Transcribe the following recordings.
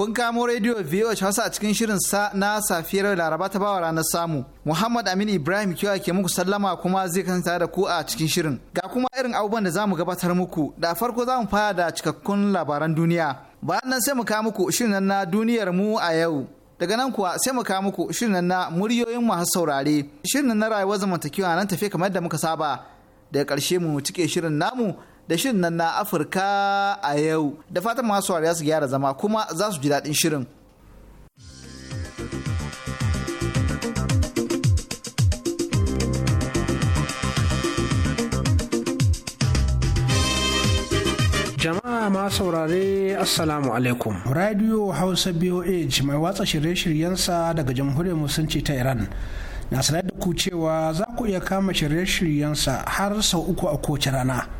kun kamo rediyo VOH Hausa a cikin shirin sa na safiyar Laraba ta bawa ranar samu. Muhammad Aminu Ibrahim kiwa ke muku sallama kuma zai kasance da ku a cikin shirin. Ga kuma irin abubuwan da zamu gabatar muku. Da farko za mu fara da cikakkun labaran duniya. Bayan nan sai mu kawo muku shirin na duniyar mu a yau. Daga nan kuwa sai mu kawo muku shirin na muryoyin masu saurare. Shirin na rayuwar zamantakewa nan tafe kamar da muka saba. Daga ƙarshe mu cike shirin namu da shirin nan na Afirka a yau. Da fatan masu wariya su gyara zama kuma za su ji daɗin shirin. Jama'a ma saurare Assalamu alaikum. Radio Hausa BoA mai watsa shirye-shiryensa daga Jamhuriyar Musulunci ta Iran. Na sanar da ku cewa za ku iya kama shirye-shiryensa har sau uku a kowace rana.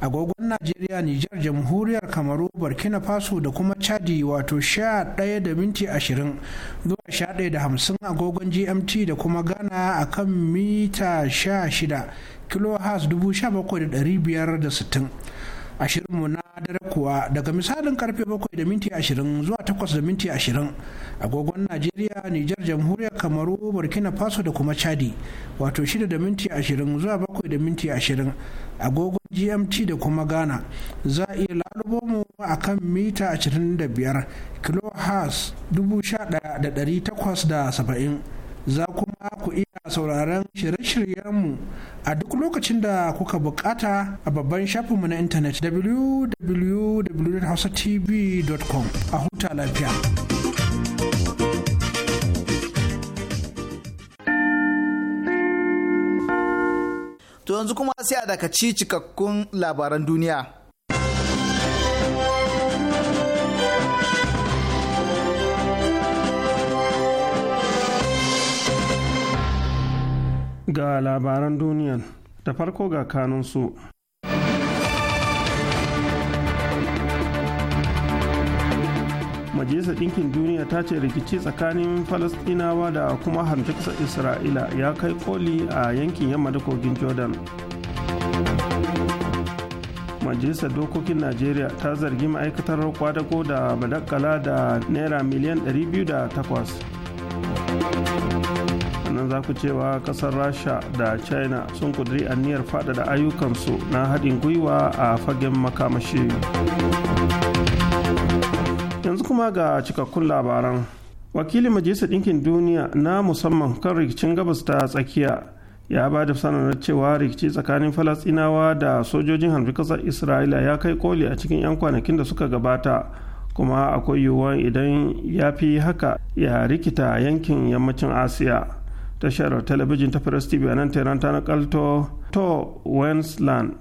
agogon najeriya nijar jamhuriyar kamaru burkina faso da kuma chadi wato ɗaya da minti ashirin zuwa sha ɗaya da hamsin agogon gmt da kuma ghana a kan mita sha shida dubu sha bakwai da sittin ashirinmu na dare kuwa daga misalin karfe bakwai da minti ashirin zuwa takwas da minti ashirin agogon najeriya nijar jamhuriyar kamaru burkina faso da kuma chadi wato 6 da minti 20 zuwa bakwai da minti 20 agogon gmt da kuma ghana za a iya lalubo mu a kan mita 25 da saba'in) za kuma ku iya sauraren shirye-shiryenmu a duk lokacin da kuka bukata a babban shafinmu na intanet www.hausatv.com a huta lafiya. to yanzu kuma sai a dakaci cikakkun labaran duniya ga labaran duniyan da farko ga kanunsu majalisar ɗinkin duniya ta ce rikici tsakanin falastinawa da kuma hamshaksar isra'ila ya kai koli a yankin yamma da kogin jordan majalisar dokokin najeriya ta zargi ma'aikatar kwadago da madakala da naira miliyan 208 sannan za ku cewa kasar rasha da china sun kuduri aniyar faɗaɗa ayyukansu na haɗin gwiwa a fagen makamashi yanzu kuma ga cikakkun labaran wakilin majalisar ɗinkin duniya na musamman kan rikicin gabas ta tsakiya ya ba da sanarwar cewa rikici tsakanin falasinawa da sojojin harbi kasar isra'ila ya kai koli a cikin 'yan kwanakin da suka gabata kuma akwai yiwuwar idan ya fi haka ya rikita yankin yammacin asiya tashar talabijin ta press tv a nan tehran ta kalto to wensland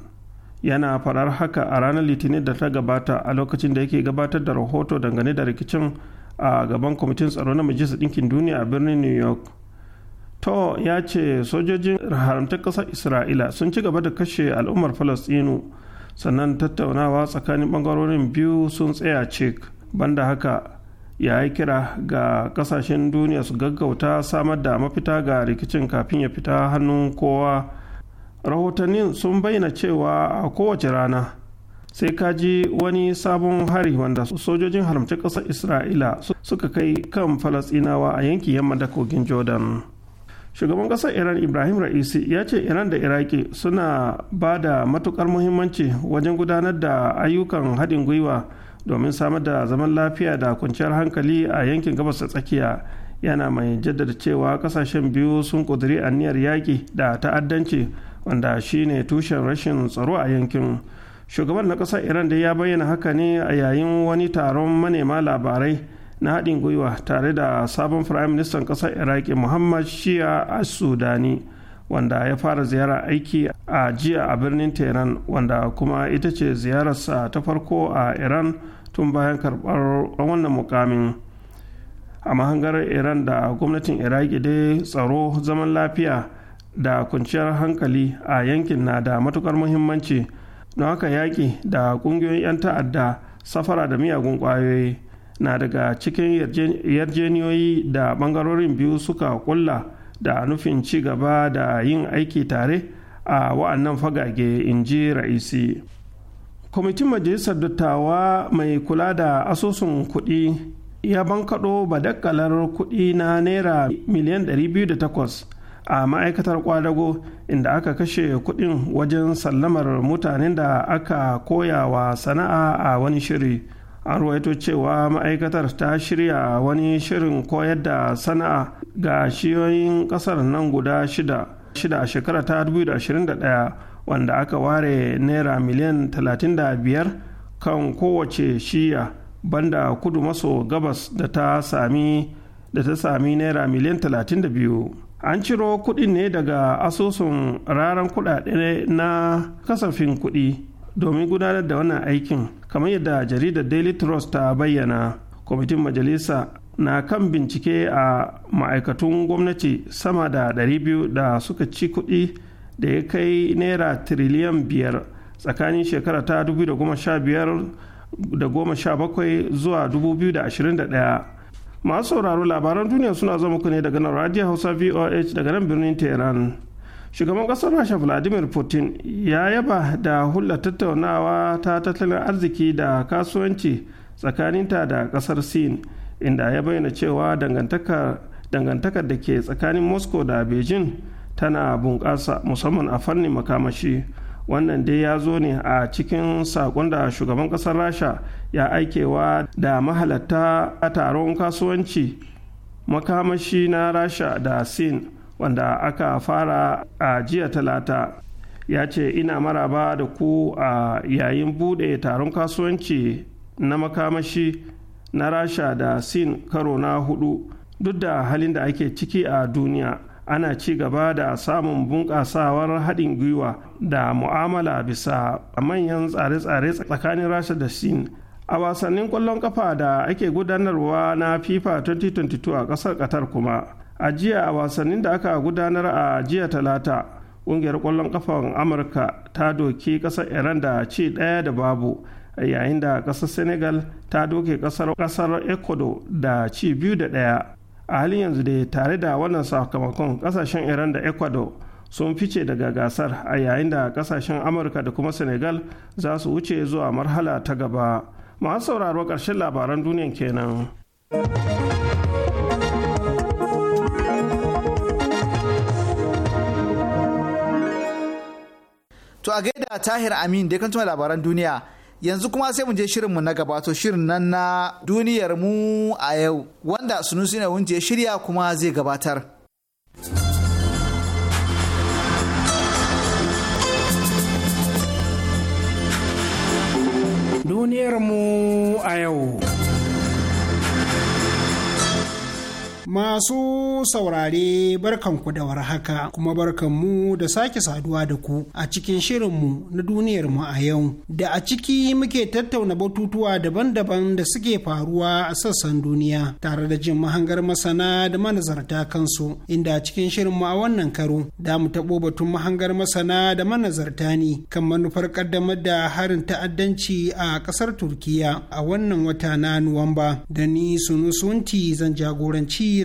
yana farar haka a ranar litinin da ta gabata a lokacin da yake gabatar da rahoto dangane da rikicin a gaban kwamitin tsaro na majalisar ɗinkin duniya a birnin new york to ya ce sojojin haramtar ƙasar isra'ila sun ci gaba da kashe al'ummar falastinu sannan tattaunawa tsakanin ɓangarorin biyu sun tsaya cik banda haka ya yi kira ga kasashen duniya su gaggauta samar da mafita ga rikicin kafin ya fita hannun kowa rahotannin sun bayyana cewa a kowace rana sai ka ji wani sabon hari wanda sojojin haramci ƙasar isra'ila suka kai kan falasinawa a yanki yamma da kogin jordan shugaban ƙasar iran ibrahim ra'isi ya ce iran da iraki suna ba da matukar muhimmanci wajen gudanar da ayyukan haɗin gwiwa domin samar da zaman lafiya da kwanciyar hankali a yankin gabas da tsakiya yana mai jaddada cewa kasashen biyu sun ƙudiri aniyar yaƙi da ta'addanci wanda shine tushen rashin tsaro a yankin shugaban na ƙasar iran da ya bayyana haka ne a yayin wani taron manema labarai na haɗin gwiwa tare da sabon firayim ministan ƙasar iraki muhammad shia as-sudani wanda ya fara ziyara aiki a jiya a birnin tehran wanda kuma ita ce ziyararsa ta farko a iran tun bayan karɓar wannan mukamin. a mahangar iran da gwamnatin iraki dai tsaro zaman lafiya da kwanciyar hankali a yankin na da matukar muhimmanci don haka yaƙi da ƙungiyoyin 'yan ta'adda safara da miyagun ƙwayoyi na daga cikin yarjeniyoyi da bangarorin biyu suka kulla da nufin ci gaba da yin aiki tare a wa'annan fagage in ji ra'isi kwamitin majalisar dattawa mai kula da asusun kuɗi ya bankaɗo badakalar kuɗi na naira miliyan 208 a ma'aikatar kwadago inda aka kashe kuɗin wajen sallamar mutanen da aka koya wa sana'a a wani shiri an ruwaito cewa ma'aikatar ta shirya wani shirin koyar da sana'a ga shiyoyin ƙasar nan guda shida shida a shekara ta 2021 wanda aka ware naira miliyan 35 kan kowace shiya banda kudu maso gabas da ta sami da ta sami naira miliyan 32 an ciro kudin ne daga asusun raran kudade na kasafin kudi domin gudanar da wannan aikin kamar yadda jaridar daily trust ta bayyana kwamitin majalisa na kan bincike a ma'aikatun gwamnati sama da 200 da suka ci kudi da ya kai naira tiriliyan biyar tsakanin shekara ta 2015 da goma sha 2017 zuwa da 2021 masu sauraro labaran duniya suna zo muku ne daga nan radio hausa voh daga nan birnin tehran shugaban kasar rasha vladimir putin ya yaba da hulɗa tattaunawa ta tattalin arziki da kasuwanci tsakaninta da kasar sin inda ya bayyana cewa dangantakar da ke tsakanin moscow da beijing tana bunƙasa musamman a fannin makamashi wannan dai ya zo ne a cikin sakon da shugaban ƙasar rasha ya aikewa da mahalatta a taron kasuwanci makamashi na rasha da sin wanda aka fara a jiya talata ya ce ina maraba da ku a yayin bude taron kasuwanci na makamashi na rasha da sin karo na hudu duk da halin da ake ciki a duniya ana ci gaba da samun bunƙasawar haɗin gwiwa da mu'amala bisa A manyan tsare-tsare tsakanin rasha da sin a wasannin ƙwallon kafa da ake gudanarwa na fifa 2022 a ƙasar qatar kuma a jiya a wasannin da aka gudanar a jiya talata ƙungiyar ƙwallon kafan amurka ta doki ƙasar iran da ci ɗaya da babu yayin da ƙasar senegal ta doke ƙasar ecuador da ci biyu da ɗaya a halin yanzu da tare da wannan sakamakon kasashen iran da ecuador sun fice daga gasar a yayin da kasashen amurka da kuma senegal za su wuce zuwa marhala ta gaba masu sauraro ƙarshen labaran duniyan kenan to a gaida tahir amin da kan labaran duniya yanzu kuma sai mu je shirinmu na gaba to shirin nan na duniyar mu a yau wanda sunusi na wunje shirya kuma zai gabatar duniyar mu a yau Masu saurare barkanku da warhaka kuma barkanmu da sake saduwa da ku a cikin shirinmu na duniyarmu a yau da a ciki muke tattauna batutuwa daban-daban da suke faruwa a sassan duniya tare da jin mahangar masana da manazarta kansu inda a cikin shirinmu a wannan karo da mu taɓo batun mahangar masana da manazarta ne kan manufar ƙaddamar da harin ta'addanci a ƙasar Turkiya a wannan wata na Nuwamba da ni Sunusunti zan jagoranci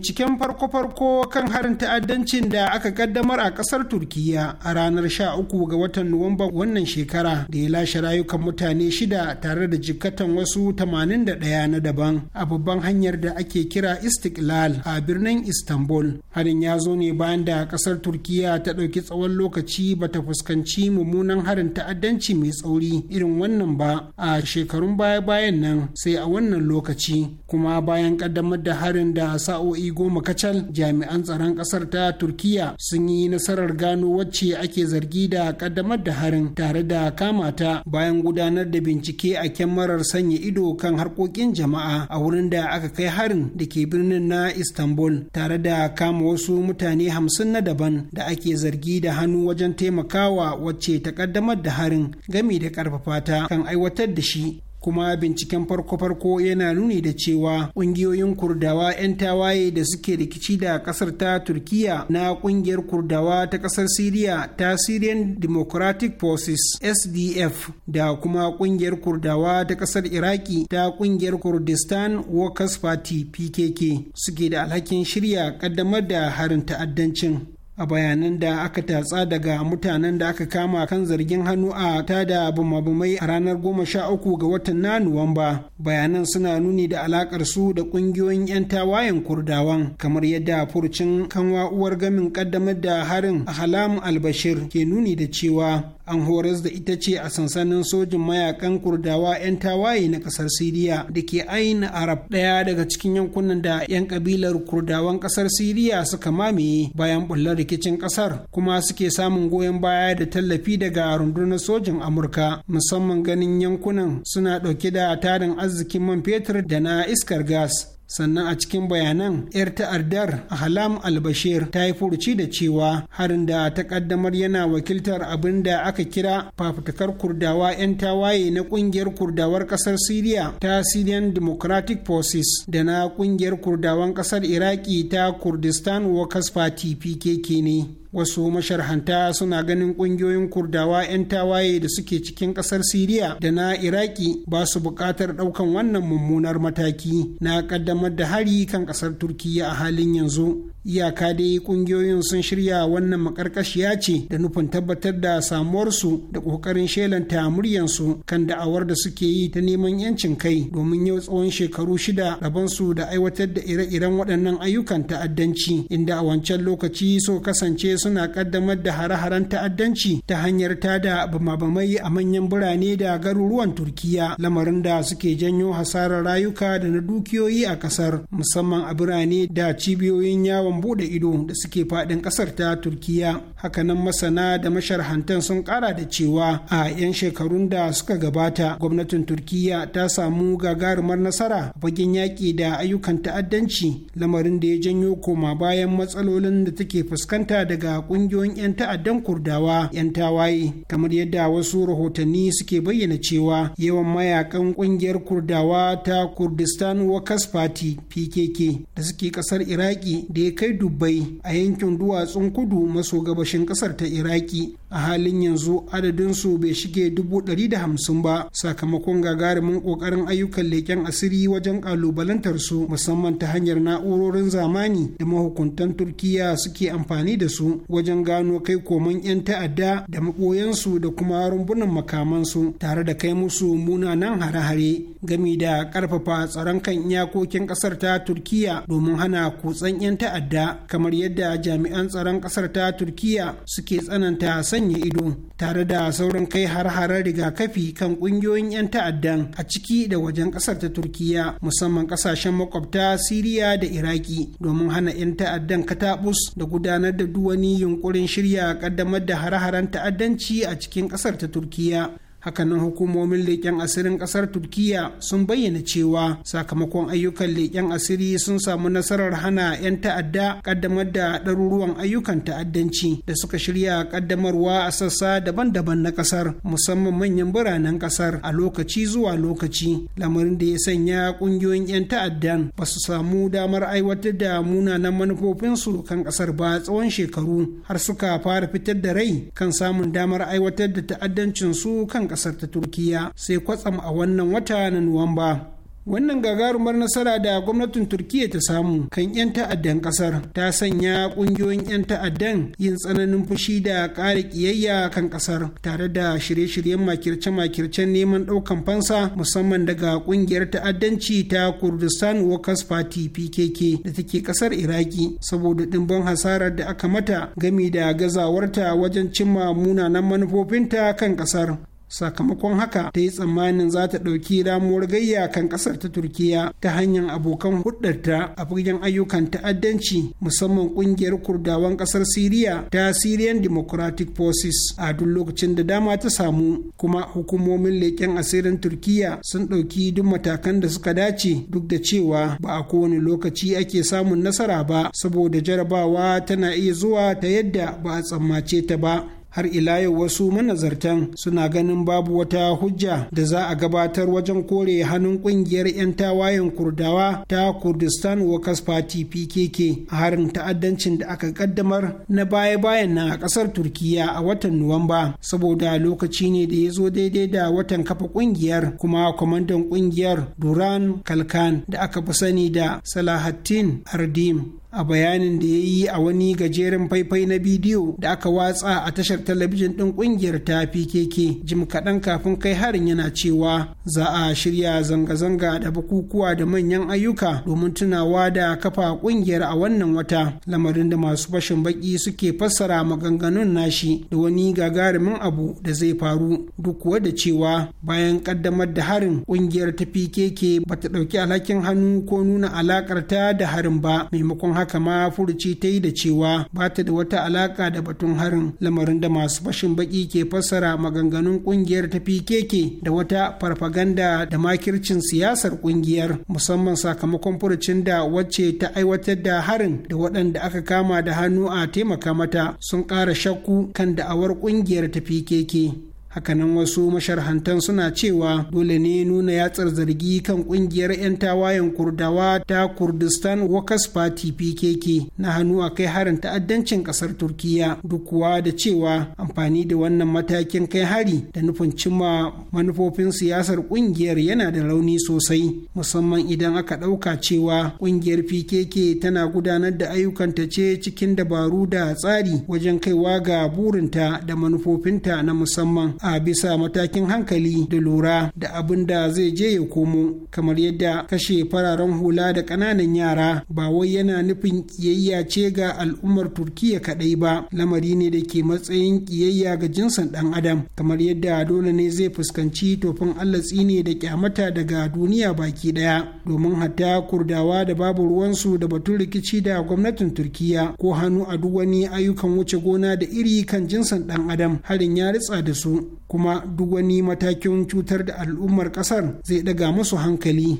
binciken farko-farko kan harin ta'addancin da aka kaddamar a kasar turkiya a ranar 13 ga watan nuwamba wannan shekara da ya lashe rayukan mutane shida tare da jikkatan wasu 81 na daban a babban hanyar da ake kira istiklal a birnin istanbul harin ya zo ne bayan da kasar turkiya ta ɗauki tsawon lokaci ba ta fuskanci mummunan harin ta'addanci mai tsauri irin wannan ba a shekarun baya-bayan nan sai a wannan lokaci kuma bayan kaddamar da harin da sa'o'i goma kacal jami'an tsaron kasar ta turkiya sun yi nasarar gano wacce ake zargi da kaddamar da harin tare da kama ta bayan gudanar da bincike a kyamarar sanya ido kan harkokin jama'a a wurin da aka kai harin da ke birnin na istanbul tare da kama wasu mutane hamsin na daban da ake zargi da hannu wajen taimakawa wacce ta kaddamar da harin gami da ƙarfafa ta kan aiwatar da shi kuma binciken farko-farko yana nuni da cewa ƙungiyoyin kurdawa 'yan tawaye da suke rikici da ƙasar ta turkiya na ƙungiyar kurdawa ta ƙasar Syria ta syrian democratic forces sdf da kuma ƙungiyar kurdawa ta ƙasar iraki ta ƙungiyar kurdistan workers party pkk suke da alhakin shirya ƙaddamar da harin ta'addancin a bayanan da aka tatsa daga mutanen da aka kama kan zargin hannu a tada bumabumai a ranar goma sha uku ga watan na nuwamba bayanan suna nuni da alakar su da kungiyoyin 'yan tawayen kurdawan kamar yadda furcin kanwa uwar gamin kaddamar da harin a halam albashir ke nuni da cewa an horas da ita ce a sansanin sojin mayakan kurdawa 'yan tawaye na kasar siriya da ke ayin arab ɗaya daga cikin yankunan da 'yan kabilar kurdawan kasar siriya suka mamaye bayan bullar rikicin kasar kuma suke samun goyon baya da tallafi daga rundunar sojin amurka musamman ganin yankunan suna ɗauke da tarin arzikin man fetur da na iskar gas sannan a cikin bayanan 'yar ta'addar ahlam albashir ta yi furuci da cewa harin da ta kaddamar yana wakiltar abin da aka kira fafutukar kurdawa 'yan tawaye na kungiyar kurdawar kasar syria ta syrian democratic forces da na kungiyar kurdawan kasar iraki ta kurdistan workers party pkk ne wasu masharhanta suna ganin kungiyoyin kurdawa 'yan tawaye da suke cikin kasar siriya da na iraki ba su buƙatar ɗaukan wannan mummunar mataki na ƙaddamar da hari kan ƙasar turkiya a halin yanzu iyaka dai kungiyoyin sun shirya wannan makarkashiya ce da nufin tabbatar da samuwarsu da ƙoƙarin shelanta muryansu kan da'awar da suke yi ta neman yancin kai domin yau tsawon shekaru shida rabansu da aiwatar da ire-iren waɗannan ayyukan ta'addanci inda a wancan lokaci so kasance suna kaddamar da hare-haren ta'addanci ta hanyar tada bamabamai a manyan birane da garuruwan turkiya lamarin da suke janyo hasarar rayuka da na dukiyoyi a kasar musamman a birane da cibiyoyin yawon bude ido da suke faɗin kasar ta turkiya hakanan masana da masharhantan sun kara da cewa a 'yan shekarun da suka gabata gwamnatin turkiya ta samu gagarumar nasara fagen yaƙi da ayyukan ta'addanci lamarin da ya janyo koma bayan matsalolin da take fuskanta daga da kungiyoyin 'yan ta'addan kurdawa 'yan tawaye kamar yadda wasu rahotanni suke bayyana cewa yawan mayakan kungiyar kurdawa ta kurdistan workers party pkk da suke kasar iraki da ya kai dubbai a yankin duwatsun kudu maso gabashin kasar ta iraki a halin yanzu adadin su bai shige dubu ɗari da hamsin ba sakamakon gagarumin ƙoƙarin ayyukan leken asiri wajen ƙalubalantar su musamman ta hanyar na'urorin zamani da mahukuntan turkiya suke amfani da su wajen gano kai koman 'yan ta'adda da maɓoyansu da kuma rumbunan makamansu tare da kai musu munanan hare-hare gami da ƙarfafa tsaron kan iyakokin ƙasar ta turkiya domin hana kutsan 'yan ta'adda kamar yadda jami'an tsaron ƙasar ta turkiya suke tsananta sanya ido tare da sauran kai har-haren rigakafi kan ƙungiyoyin 'yan ta'addan a ciki da wajen ƙasar ta turkiya musamman ƙasashen makwabta siriya da iraki domin hana 'yan ta'addan katabus da gudanar da duwani yunkurin shirya kaddamar da hare-haren ta'addanci a cikin kasar ta turkiya hakanan hukumomin leƙen asirin ƙasar Turkiyya sun bayyana cewa sakamakon ayyukan leƙen asiri sun samu nasarar hana 'yan ta'adda ƙaddamar da ɗaruruwan ayyukan ta'addanci da suka shirya ƙaddamarwa a sassa daban-daban na ƙasar musamman manyan biranen ƙasar a lokaci zuwa lokaci lamarin da ya sanya ƙungiyoyin 'yan ta'addan ba su samu damar aiwatar da munanan manufofinsu kan ƙasar ba tsawon shekaru har suka fara fitar da rai kan samun damar aiwatar da ta'addancinsu kan kasar ta turkiya sai kwatsam a wannan wata na nuwamba wannan gagarumar nasara da gwamnatin turkiya ta samu kan 'yan ta'addan kasar ta sanya kungiyoyin 'yan ta'addan yin tsananin fushi da ƙara ƙiyayya kan kasar tare da shirye-shiryen makirce-makircen neman ɗaukan fansa musamman daga ƙungiyar ta'addanci ta kurdistan workers party pkk da take kasar iraki saboda ɗimbin hasarar da aka mata gami da gazawarta wajen cimma munanan manufofinta kan kasar sakamakon haka ta yi tsammanin za ta ɗauki ramuwar gayya kan ƙasar ta turkiya ta hanyar abokan hudarta a fagen ayyukan ta'addanci musamman ƙungiyar kurdawan ƙasar siriya ta syrian democratic forces a duk lokacin da dama ta samu kuma hukumomin leƙen asirin turkiya sun ɗauki duk matakan da suka dace duk da cewa ba a kowane lokaci ake samun nasara ba saboda jarabawa tana iya zuwa ta yadda ba a tsammace ta ba har ila yau wasu manazartan suna ganin babu wata hujja da za a gabatar wajen kore hannun kungiyar 'yan tawayen kurdawa ta kurdistan workers party pkk a harin ta'addancin da aka kaddamar na baya-bayan nan a kasar turkiya a watan nuwamba saboda lokaci ne da ya zo daidai da watan kafa kungiyar kuma kwamandan kungiyar duran kalkan da aka fi sani da salahattin ardim a bayanin da ya yi a wani gajeren faifai na bidiyo da aka watsa a tashar talabijin ɗin ƙungiyar ta pkk jim kaɗan kafin kai harin yana cewa za a shirya zanga-zanga da bukukuwa da manyan ayyuka domin tunawa da kafa ƙungiyar a wannan wata lamarin da masu bashin baki suke fassara maganganun nashi da wani gagarumin abu da zai faru duk kuwa da cewa bayan ƙaddamar da harin ƙungiyar ta pkk ba ta ɗauki alhakin hannu ko nuna alaƙar ta da harin ba maimakon haka ma furuci ta yi da cewa ba ta da wata alaka da batun harin lamarin da masu fashin baki ke fassara maganganun kungiyar ta pkk da wata farfaganda da makircin siyasar kungiyar musamman sakamakon furucin da wacce ta aiwatar da harin da waɗanda aka kama da hannu a taimaka mata sun ƙara shakku kan da'awar kungiyar ta pkk hakanan wasu masharhantan suna cewa dole ne nuna yatsar zargi kan kungiyar 'yan tawayen kurdawa ta kurdistan workers party pkk na hannu a kai harin ta'addancin kasar turkiya duk kuwa da cewa amfani da wannan matakin kai hari da nufin cimma manufofin siyasar kungiyar yana da rauni sosai musamman idan aka ɗauka cewa kungiyar pkk tana gudanar da ayyukanta ce cikin dabaru da tsari wajen kaiwa ga burinta da manufofinta na musamman a bisa matakin hankali da lura da abin da zai je ya komo kamar yadda kashe fararen hula da ƙananan yara ba wai yana nufin kiyayya ce ga al'ummar turkiya kaɗai ba lamari ne da ke matsayin kiyayya ga jinsin ɗan adam kamar yadda dole ne zai fuskanci tofin allah tsine da kyamata daga duniya baki ɗaya domin hatta kurdawa da babu ruwansu da batun rikici da gwamnatin turkiya ko hannu a duk wani ayyukan wuce gona da iri kan jinsin ɗan adam harin ya ritsa da su kuma duk wani matakin cutar da al'ummar kasar zai daga musu hankali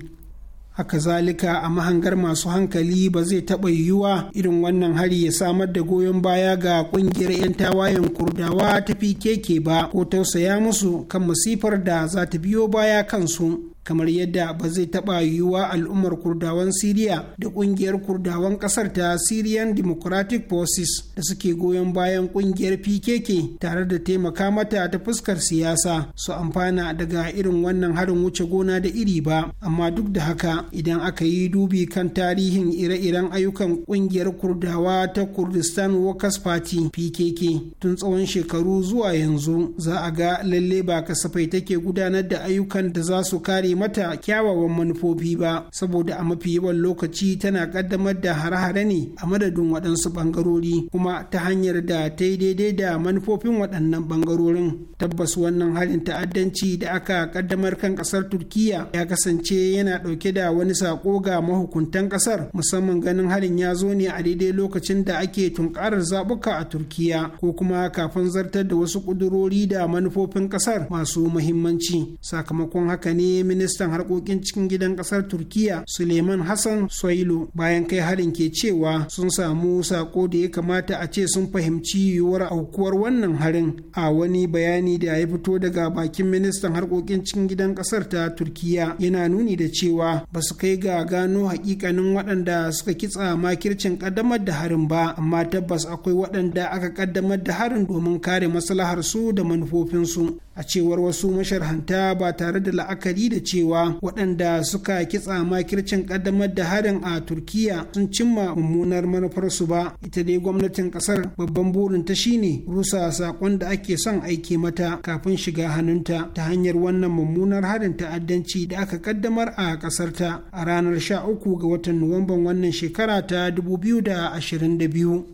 haka zalika a mahangar masu hankali ba zai taɓa yiwuwa irin wannan hari ya samar da goyon baya ga ƙungiyar 'yan tawayen kurdawa ta keke ba ko tausaya musu kan masifar da za ta biyo baya kansu kamar yadda ba zai taɓa yiwuwa al'ummar kurdawan siriya da ƙungiyar kurdawan ƙasar ta syrian democratic forces da suke goyon bayan ƙungiyar pkk tare da taimaka mata ta fuskar siyasa su amfana daga irin wannan harin wuce gona da iri ba amma duk da haka idan aka yi dubi kan tarihin ire-iren ayyukan ƙungiyar kurdawa ta kurdistan workers party pkk tun tsawon shekaru zuwa yanzu za a ga lalle ba kasafai take gudanar da ayyukan da za su kare bai mata kyawawan manufofi ba saboda a mafi yawan lokaci tana kaddamar da hare-hare ne a madadin waɗansu bangarori kuma ta hanyar da ta yi daidai da manufofin waɗannan bangarorin tabbas wannan halin ta'addanci da aka kaddamar kan ƙasar turkiya ya kasance yana ɗauke da wani saƙo ga mahukuntan ƙasar musamman ganin halin ya zo ne a daidai lokacin da ake tunkarar zaɓuka a turkiya ko kuma kafin zartar da wasu ƙudurori da manufofin ƙasar masu muhimmanci sakamakon haka ne ministan harkokin cikin gidan kasar turkiya suleiman hassan soilu bayan kai harin ke cewa sun samu sako da ya kamata a ce sun fahimci yiwuwar aukuwar wannan harin a wani bayani da ya fito daga bakin ministan harkokin cikin gidan kasar ta turkiya yana nuni da cewa ba su kai ga gano hakikanin waɗanda suka kitsa makircin kaddamar da harin ba amma tabbas akwai waɗanda aka kaddamar da harin domin kare maslahar su da manufofinsu a cewar wasu masharhanta ba tare da la'akari da cewa waɗanda suka kitsa makircin ƙaddamar da harin a turkiya sun cimma mummunar manufarsu ba ita dai gwamnatin ƙasar babban burin ta shine rusa saƙon da ake son aiki mata kafin shiga hannunta ta hanyar wannan mummunar harin ta'addanci da aka ƙaddamar a ƙasarta a ranar sha uku ga watan nuwamban wannan shekara ta 2022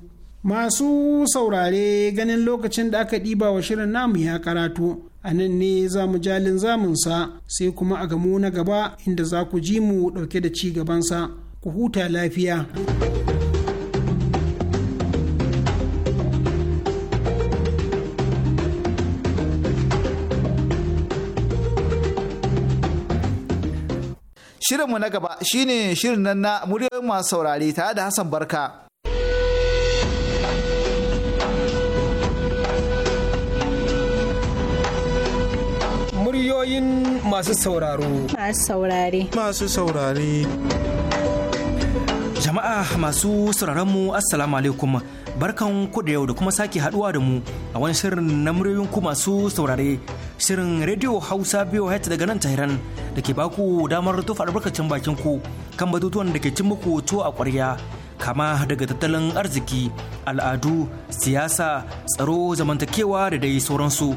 masu saurare ganin lokacin da aka ɗiba wa shirin namu ya karatu a nan ne za mu jalin zamunsa sai kuma a gamu na gaba inda za ku ji mu ɗauke da ci gabansa ku huta lafiya. Shirinmu na gaba shine shirin nan na muryoyin masu saurare tare da Hassan Barka. Muryoyin masu sauraro. Masu saurare. Masu saurare. Jama'a masu sauraron mu Assalamu alaikum barkan ku da yau da kuma sake haduwa da mu a wani shirin na muryoyin ku masu saurare shirin Radio Hausa biyo hat daga nan tahiran da ke baku damar tofa albarkacin bakin ku kan batutuwan da ke cin muku tuwo a ƙwarya kama daga tattalin arziki, al'adu, siyasa, tsaro, zamantakewa da dai sauransu.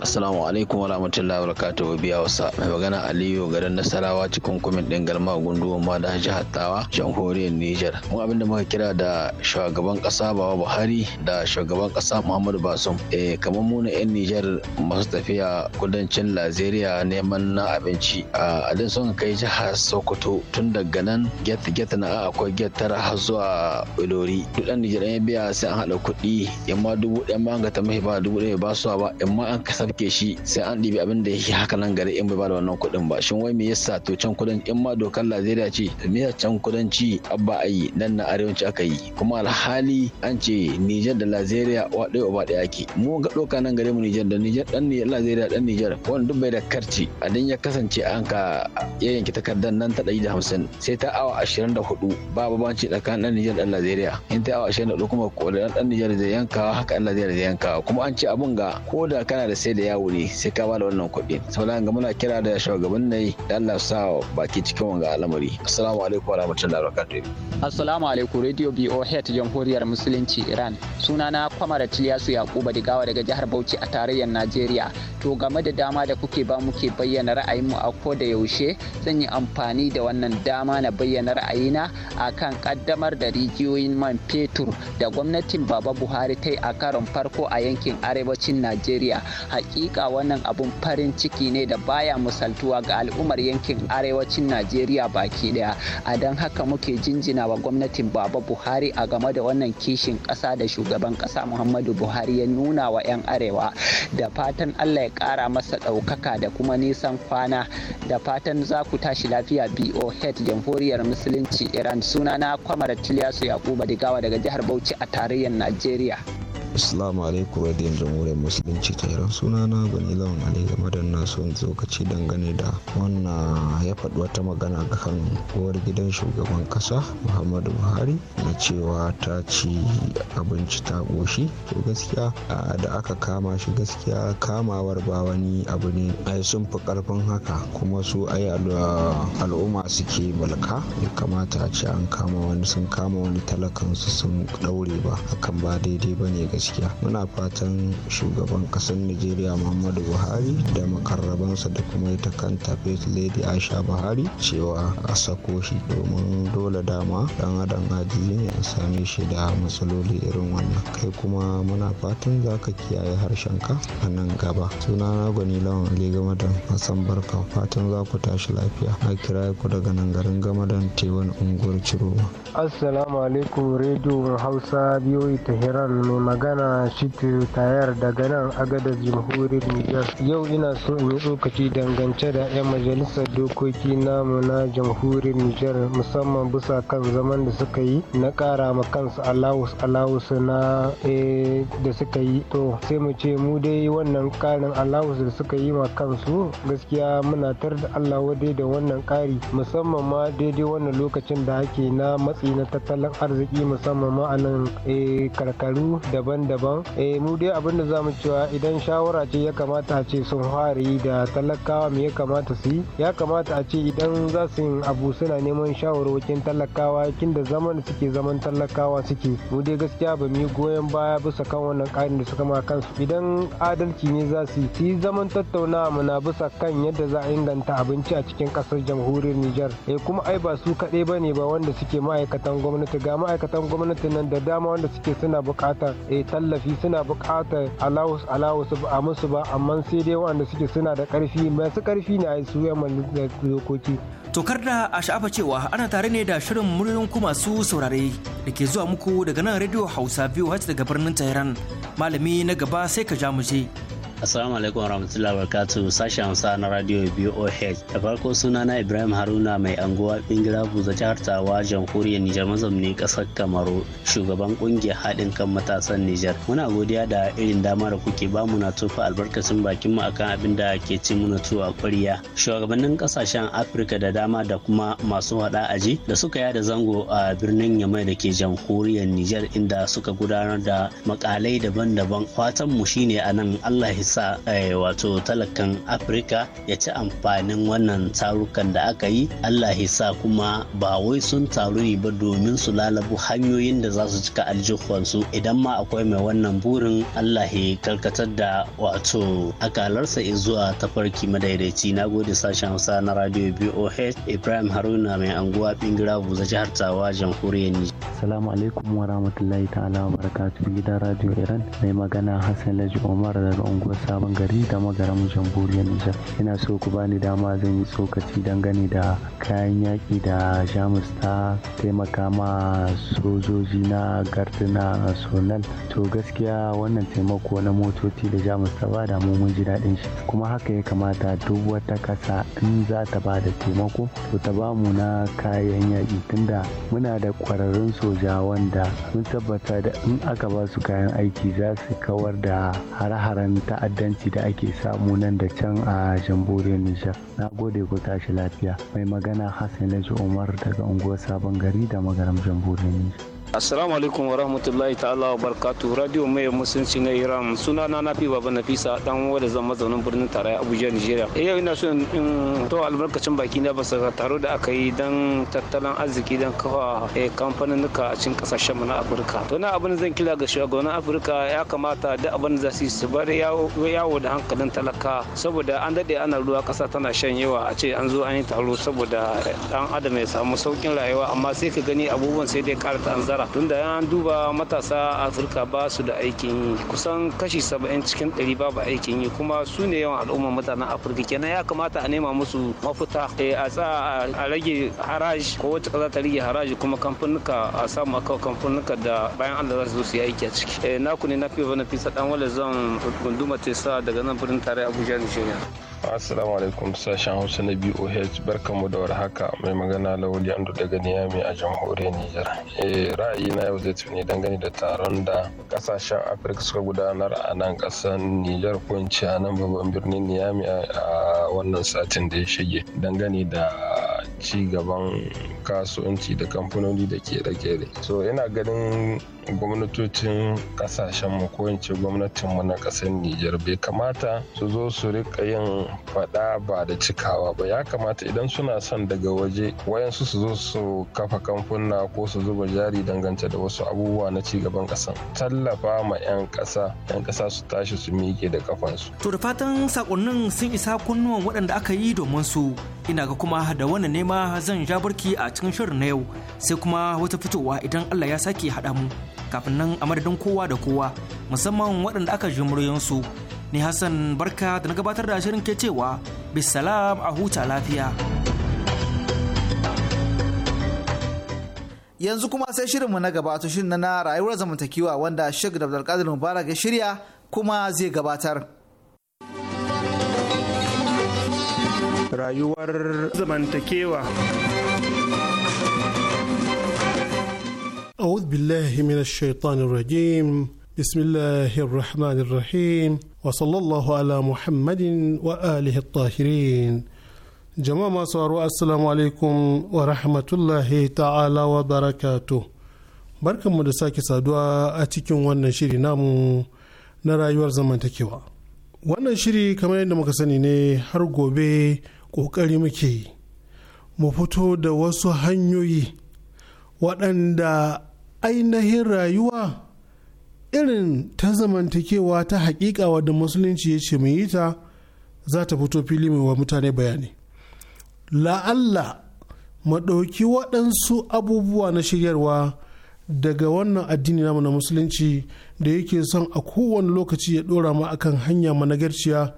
Assalamu alaikum wa rahmatullahi wa barakatuhu biya wasa mai magana Aliyu garin Nasarawa cikin kumin din Galma Gunduwan da jihar Tawa jamhuriyar Niger. Mu abin da muka kira da shugaban kasa Baba Buhari da shugaban kasa Muhammadu Basum. Eh kamar mu na 'yan Niger masu tafiya kudancin Lazeriya neman na abinci. A adin sun kai jihar Sokoto tun daga nan get get na akwai get tara har zuwa Ilori. Duk dan Niger ya biya sai an haɗa kuɗi in ma dubu ɗaya ma an ga ta ba dubu ɗaya ba su ba in an kasa tafke shi sai an ɗibi abin da yake haka nan gari in bai bada wannan kuɗin ba shin wai me yasa to can kudan in ma dokar Najeriya ce me yasa can kudanci abba ayi nan na arewaci aka yi kuma alhali an ce Niger da Najeriya wa ɗaya uba ɗaya ake mu ga doka nan gare mu Niger da Niger dan Najeriya dan Niger wannan duk bai da karci a dan ya kasance an ka yayyanki takardar nan ta 150 sai ta awa 24 ba babanci tsakanin dan Niger da Najeriya in ta awa 24 kuma kodan dan Niger da yankawa haka ɗan Najeriya da yankawa kuma an ce abun ga ko da kana da sai da yawo ne sai ka bada wannan kuɗi saboda ga muna kira da shugaban ne da Allah sa baki cikin wanga al'amari assalamu alaikum wa wa barakatuh assalamu alaikum radio BOHET jamhuriyar musulunci Iran sunana Kwamar Tiliyasu Yakuba Digawa daga jihar Bauchi a tarayyar Najeriya to game da dama da kuke ba muke bayyana mu a ko da yaushe zan yi amfani da wannan dama na bayyana ra'ayina akan kaddamar da rijiyoyin man fetur da gwamnatin Baba Buhari ta yi a karon farko a yankin arewacin Najeriya hakika wannan abun farin ciki ne da baya misaltuwa ga al'ummar yankin arewacin najeriya baki daya a don haka muke jinjina wa gwamnatin baba buhari a game da wannan kishin kasa da shugaban kasa muhammadu buhari ya nuna wa 'yan arewa da fatan allah ya kara masa ɗaukaka da kuma nisan kwana da fatan za ku tashi lafiya boh jamhuriyar musulunci iran sunana kwamar tiliyasu yakuba digawa daga jihar bauchi a tarayyar najeriya Assalamu alaikum radiyon jamhuriyar musulunci ta yaran suna na gani lawan ali game da na son tsokaci dangane da wannan ya faɗi wata magana ga kan uwar gidan shugaban ƙasa muhammadu buhari na cewa ta ci abinci ta ƙoshi to gaskiya da aka kama shi gaskiya kamawar ba wani abu ne ai sun fi ƙarfin haka kuma su ai al'umma suke balka ya kamata a ce an kama wani sun kama wani talakansu sun ɗaure ba hakan ba daidai ba ne gaskiya muna fatan shugaban kasar nigeria muhammadu buhari da makarrabansa da kuma ita kanta first lady aisha buhari cewa a sako shi domin dole dama dan adam ajiye ne a same shi da matsaloli irin wannan kai kuma muna fatan za ka kiyaye harshenka a nan gaba suna na gwani lawan ali gamadan hassan barka fatan za ku tashi lafiya a kira ku daga nan garin gamadan tewan unguwar ciroma assalamu alaikum rediyo hausa biyoyi tahiran mai magana magana shitu tayar daga nan agadar jamhuriyar Nijar. Yau ina so in yi tsokaci dangance da 'yan majalisar dokoki namu na jamhuriyar Nijar musamman bisa kan zaman da suka yi na kara ma kansu alawus alawus na eh, da suka yi to sai mu ce mu dai wannan karin alawus da suka yi ma kansu gaskiya muna tar da Allah wadai da wannan kari musamman ma daidai wannan lokacin da ake na matsi na tattalin arziki musamman ma a nan eh, karkaru daban daban-daban eh mu dai abin da zamu cewa idan shawara ce ya kamata a ce sun fari da talakawa me ya kamata su yi ya kamata a ce idan za su yin abu suna neman shawarwakin talakawa kin da zaman suke zaman talakawa suke mu dai gaskiya ba mu goyon baya bisa kan wannan ƙarin da suka ma kansu idan adalci ne za su yi zaman tattaunawa muna bisa kan yadda za a inganta abinci a cikin ƙasar jamhuriyar Nijar eh kuma ai ba su kaɗai ba ne ba wanda suke ma'aikatan gwamnati ga ma'aikatan gwamnati nan da dama wanda suke suna buƙatar eh, tallafi suna buƙatar alawus alawus a musu ba amma sai dai wanda suke suna da ƙarfi masu ƙarfi ne a su da dokoki. Tokar da a sha'afa cewa ana tare ne da shirin muryoyin ku masu saurare da ke zuwa muku daga nan rediyo Hausa biyu hajji daga birnin Tehran malami na gaba sai ka ja mu je. Assalamu alaikum warahmatullahi wabarakatuh sashen Hausa na Radio BOH. Da farko suna na Ibrahim Haruna mai anguwa Bingira Buza jihar Tawa jamhuriyar Nijar mazamni kasar Kamaru shugaban kungiyar haɗin kan matasan Nijar. Muna godiya da irin dama da kuke ba mu na tofa albarkacin bakin mu akan abin da ke ci mu tuwa kwariya. Shugabannin kasashen Afirka da dama da kuma masu haɗa aji da suka yada zango a birnin Yamai da ke jamhuriyar Nijar inda suka gudanar da makalai daban-daban. Fatan mu shine anan Allah ya sa eh, wato talakan afirka ya ci amfanin wannan tarukan da aka yi allah sa kuma ba wai sun taru ne ba domin su lalabu hanyoyin da za su cika aljihuwansu idan ma akwai mai wannan burin allah karkatar da wato akalarsa zuwa tafarki madaidaici na gode sashen hausa na radio boh ibrahim haruna mai anguwa bingira buza jihar tawa jamhuriyar nijar salamu alaikum wa rahmatullahi ta'ala wa gidan radio iran mai magana hassan laji umar daga unguwar sabon gari da magaram jamhuriyar nijar ina so ku bani dama zan yi tsokaci dangane da kayan yaƙi da jamus ta taimaka ma sojoji na gardina sonal to gaskiya wannan taimako na motoci da jamus ta bada mu mun ji daɗin shi kuma haka ya kamata duk wata ƙasa in za ta ba da taimako to ta ba mu na kayan yaƙi tunda muna da ƙwararrun soja wanda mun tabbata da in aka ba su kayan aiki za su kawar da hare-haren ta'adda ta'addanci da ake samu nan da can a jamhuriyar Nijar. Na gode ku tashi lafiya. Mai magana Hassan Laji Umar daga unguwar Sabon Gari da magaram jamhuriyar Nijar. Assalamu alaikum wa rahmatullahi ta'ala wa barkatu radio mai musulunci na Iran suna na nafi baba nafisa dan wanda zan mazaunin birnin tarayya Abuja Nigeria eh, yau ina so in to albarkacin baki na ba taro da aka yi dan tattalin arziki dan kafa eh, kamfanin nuka a cikin kasashen mu na Afirka to na abin zan kila ga shugabannin Afirka ya kamata da abin da su su bar yawo da hankalin talaka saboda an dade ana ruwa kasa tana shan yawa a ce an zo an yi taro saboda dan adam ya samu saukin rayuwa amma sai ka gani abubuwan sai dai an ta'azzara nasara tunda yan duba matasa afirka ba su da aikin yi kusan kashi saba'in cikin ɗari babu aikin yi kuma su ne yawan al'ummar mutanen afirka kenan ya kamata a nema musu mafuta eh, a tsa a rage haraji ko wata kaza ta rage haraji kuma kamfanuka a samu aka kamfanuka da bayan allah za su yi aiki a ciki eh, na ku ne na fi wani fisa dan wale zan gunduma tesa daga nan birnin tare abuja nigeria Assalamu alaikum sashen Hausa na BOH mu da war haka mai magana Lawali Ando daga Niyami a jamhuriyar Nijar. Eh ra'ayi na yau zai tuni dangane da taron da kasashen Afirka suka gudanar a nan kasar Nijar ko in ce a nan babban birnin Niyami a wannan satin da ya shige dangane da ci gaban kasuwanci da kamfanoni da kere-kere so yana ganin gwamnatocin kasashen mu ko ce gwamnatin mu na kasar Nijar bai kamata su zo su rika yin fada ba da cikawa ba ya kamata idan suna son daga waje wayan su zo su kafa kamfuna ko su zuba jari dangance da wasu abubuwa na ci gaban kasan tallafa ma 'yan kasa 'yan kasa su tashi su mike da kafansu to da fatan sakonnin sun isa kunnuwan waɗanda aka yi domin su ina ga kuma da wannan nema zan ja barki a cikin shirin na yau sai kuma wata fitowa idan Allah ya sake haɗa mu kafin nan a madadin kowa da kowa musamman waɗanda aka ji muryansu ni Hassan barka da na gabatar da shirin ke cewa bisalam a huta lafiya. Yanzu kuma sai shirinmu na gaba to shirin na rayuwar zamantakewa wanda Sheikh Abdulkadir Mubarak ya shirya kuma zai gabatar. rayuwar zamantakewa. أعوذ بالله من الشيطان الرجيم بسم الله الرحمن الرحيم وصلى الله على محمد jama'a masu waro assalamu alaikum wa rahmatullahi ta'ala wa barakatu barkanmu da sake saduwa a cikin wannan shiri namu na rayuwar zamantakewa wannan shiri kamar yadda muka sani ne har gobe ƙoƙari muke yi mu fito da wasu hanyoyi waɗanda ainihin rayuwa irin ta zamantakewa ta hakika wadda musulunci ya ce mai yi ta za ta fito fili mai wa mutane bayani la'alla maɗauki waɗansu abubuwa na shiryarwa daga wannan addini namu na musulunci da yake son a kowane lokaci ya ɗora mu akan hanya managarciya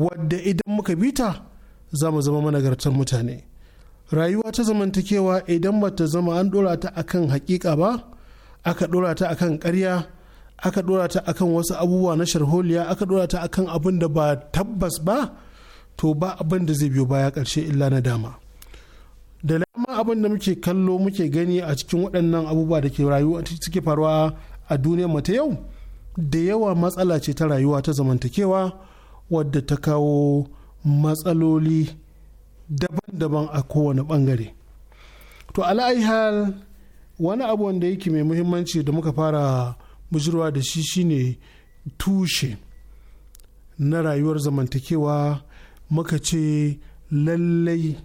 wadda idan muka bita za mu zama managartan mutane rayuwa ta zamantakewa idan ba ta zama an ɗora ta akan hakika ba aka ɗora ta akan karya aka ɗora ta akan wasu abubuwa na sharholiya aka ɗora ta akan abin da ba tabbas ba to ba abin da zai biyo baya ƙarshe illa na dama da dama abin da muke kallo muke gani a cikin waɗannan abubuwa da ke rayuwa suke faruwa a duniyar mu ta yau da yawa matsala ce ta rayuwa ta zamantakewa wadda ta kawo matsaloli daban-daban a kowane bangare to ala'ihal wani abu wanda yake mai muhimmanci da muka fara bujirwa da shi shine tushe na rayuwar zamantakewa muka ce lallai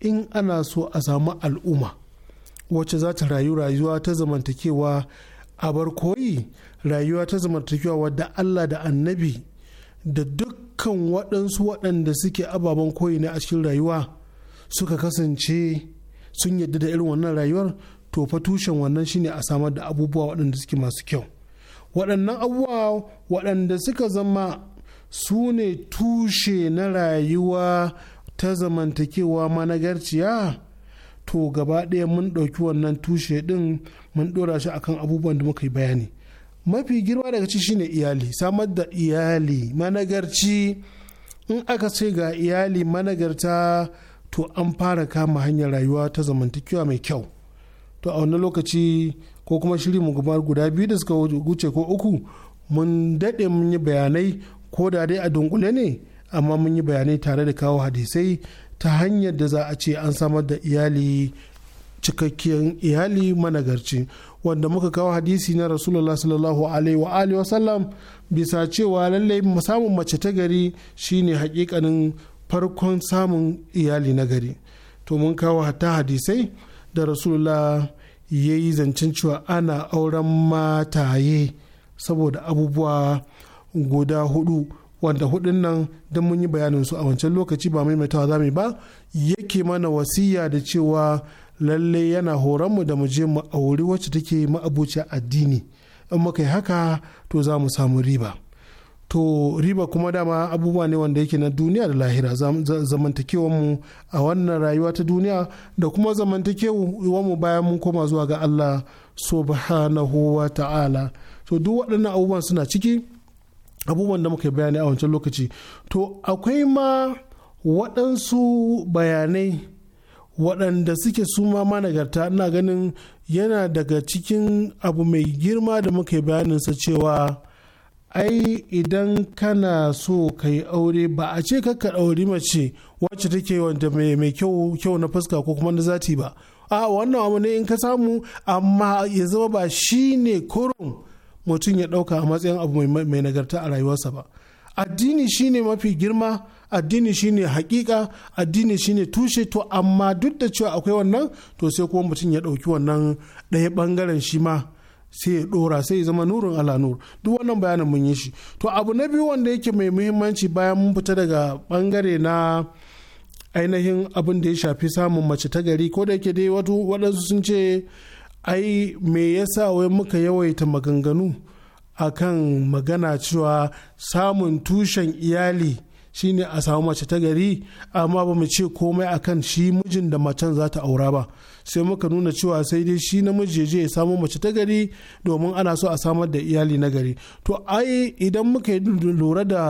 in ana so a samu al'umma wacce za ta rayu rayuwa ta zamantakewa a bar koyi rayuwa ta zamantakewa wadda Allah da annabi da dukkan waɗansu waɗanda suke ababen koyi ne a cikin rayuwa suka kasance sun yadda da irin wannan rayuwar to fa tushen wannan shine a samar da abubuwa waɗanda suke masu kyau waɗannan abubuwa waɗanda suka zama su ne tushe na rayuwa ta zamantakewa managarciya to gaba ɗaya mun ɗauki wannan tushe ɗin mun ɗora shi akan abubuwan da muka yi bayani mafi girma daga ci shine iyali samar da iyali managarci in aka ce ga iyali managarta to an fara kama hanyar rayuwa ta zamantakewa mai kyau to a wani lokaci ko kuma shiri mu guda biyu da suka wuce ko uku mun daɗe mun yi bayanai ko da dai a dunkule ne amma mun yi bayanai tare da kawo hadisai ta hanyar da za a ce an samar da iyali cikakkiyar iyali managarci wanda muka kawo hadisi na rasulullah sallallahu alaihi wa alihi wa bisa cewa lallai samun mace ta gari shine hakikanin farkon samun iyali na gari to mun kawo ta hadisai da rasulullah ya yi zancen cewa ana auren mataye saboda abubuwa guda hudu wanda hudun nan don mun yi bayanin su a wancan lokaci ba maimaitawa za mu ba yake mana wasiya da cewa lalle yana horon mu da mu je mu auri wacce take ma'abuci addini in muka yi haka to za mu samu riba to riba kuma dama abubuwa ne wanda yake na duniya da lahira zamantakewanmu a wannan rayuwa ta duniya da kuma zamantakewanmu bayan mun koma zuwa ga Allah subhanahu wa ta'ala to duk waɗannan abubuwan suna ciki abubuwan da muka bayani a wancan lokaci to akwai ma waɗansu bayanai waɗanda suke suma ma nagarta ina ganin yana daga cikin abu mai girma da muka bayaninsa cewa ai idan kana so ka yi aure ba a ce ka ɗauri mace wacce take wanda mai kyau kyau na fuska ko kuma na zati ba a wannan abu ne in ka samu amma ya zama ba shi ne koron mutum ya ɗauka a matsayin abu mai nagarta a rayuwarsa ba addini shine mafi girma addini shine haƙiƙa addini shine tushe to amma duk da cewa akwai wannan to sai kuma mutum ya ɗauki wannan ɗaya ɓangaren shi ma sai ya dora sai ya zama nurin ala nur duk wannan bayanin mun yi shi to abu na biyu wanda yake mai muhimmanci bayan mun fita daga bangare na ainihin abin da ya shafi samun mace ta gari ko da yake dai wato waɗansu sun ce ai me yasa wai muka yawaita maganganu akan magana cewa samun tushen iyali shine a samu mace ta gari amma ba mu ce komai akan shi mijin da macen za ta aura ba sai muka nuna cewa sai dai shi namiji je ya samu mace ta gari domin ana so a samar da iyali na gari to ai idan muka lura da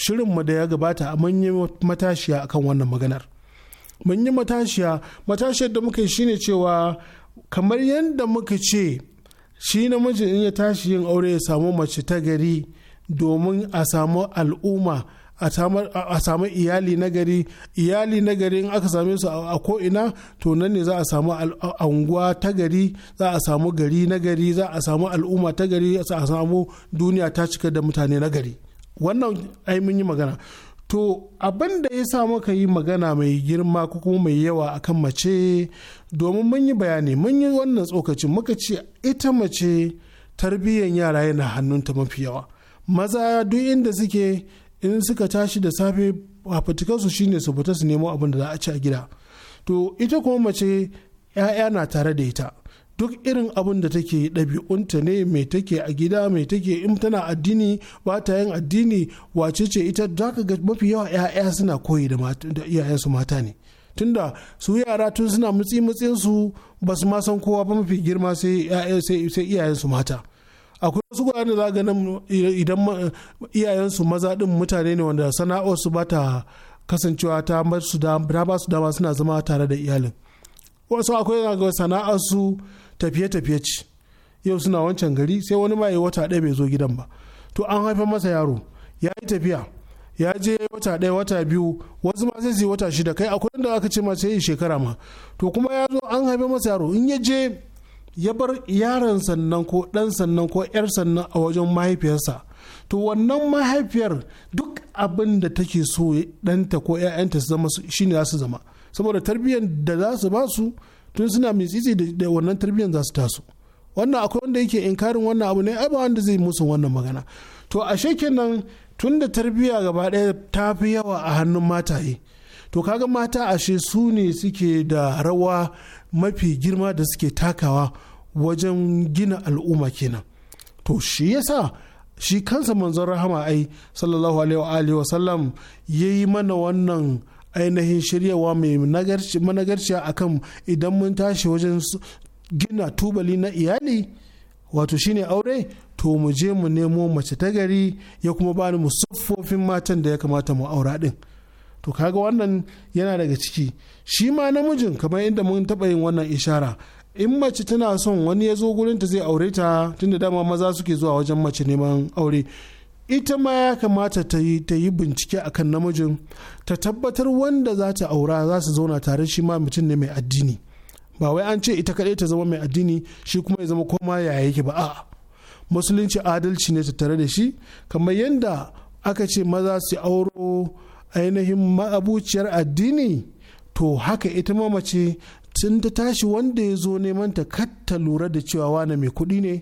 shirin mu da ya gabata a yi matashiya akan wannan maganar mun yi matashiya matashiyar da muka yi shine cewa kamar yadda muka ce shi namiji in ya tashi yin aure ya samu mace ta gari domin a samu al'umma a samu iyali nagari iyali nagari in aka same su a ko'ina to nan ne za a samu anguwa ta gari za a samu gari nagari za a samu al'umma ta gari za a samu duniya ta cika da mutane nagari wannan ai mun yi magana to abin da ya sa muka yi magana mai girma ko kuma mai yawa akan mace domin mun yi bayani mun yi wannan tsokacin muka ce ita mace tarbiyyar yara yana hannunta mafi yawa maza duk inda suke in suka tashi da safe su shine su fita su nemo abin da za a ci a gida to ita kuma mace 'ya'ya na tare da ita duk irin abin da take ɗabi'unta ne mai take a gida mai take in tana addini ba ta yin addini wace ce ita za ka ga mafi yawa 'ya'ya suna koyi da iyayensu mata ne tunda su yara tun suna mutsi mutsin su ba su ma san kowa ba mafi girma sai iyayensu mata akwai wasu guraren da za ga nan idan iyayensu maza din mutane ne wanda sana'arsu ba ta kasancewa ta ba su dama suna zama tare da iyalin wasu akwai ga sana'arsu tafiye-tafiye ce yau suna wancan gari sai wani ma ya wata ɗaya bai zo gidan ba to an haifar masa yaro ya yi tafiya ya je wata ɗaya wata biyu wasu ma sai su yi wata shida kai akwai inda aka ce ma sai shekara ma to kuma ya zo an haife masa yaro in ya je ya bar yaron sannan ko ɗan sannan ko 'yar sannan a wajen mahaifiyarsa to wannan mahaifiyar duk abin da take so danta ko 'ya'yanta su zama shi ne za su zama saboda tarbiyyar da za su ba su tun suna mai tsitsi da wannan tarbiyyar za su taso wannan akwai wanda yake inkarin wannan abu ne ba wanda zai musu wannan magana to a kenan tun da tarbiyya gaba ɗaya ta fi yawa a hannun mataye to kaga mata ashe su ne suke da rawa mafi girma da suke takawa wajen gina al'umma kenan to shi yasa shi kansa manzon rahama ai sallallahu alaihi wa sallam ya yi mana wannan ainihin shiryawa mai managarciya akan idan mun tashi wajen gina tubali na iyali wato shine aure to mu je mu nemo mace ta gari ya kuma bani mu siffofin matan da ya kamata mu aura din to kaga wannan yana daga ciki shi ma namijin kamar inda mun taɓa yin wannan ishara in mace tana son wani ya zo ta zai aure ta tunda dama maza suke zuwa wajen mace neman aure ita ma ya kamata ta yi ta yi bincike akan namijin ta tabbatar wanda za ta aura za su zauna tare shi ma mutum ne mai addini ba wai an ce ita kaɗai ta zama mai addini shi kuma ya zama koma ya yake ba a'a musulunci adalci ne ta tare da shi kamar yadda aka ce maza su auro ainihin ma'abuciyar addini to haka ita mamace tun ta tashi wanda ya zo neman ta katta lura da cewa wane mai kuɗi ne